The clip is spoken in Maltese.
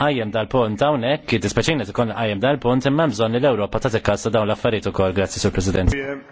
għajem dal-punt hawnhekk kif tispeċina tkun għajem dal pont imma bżonn li europa ta' tagħti kassa dawn l affarietu ukoll grazie, sur President.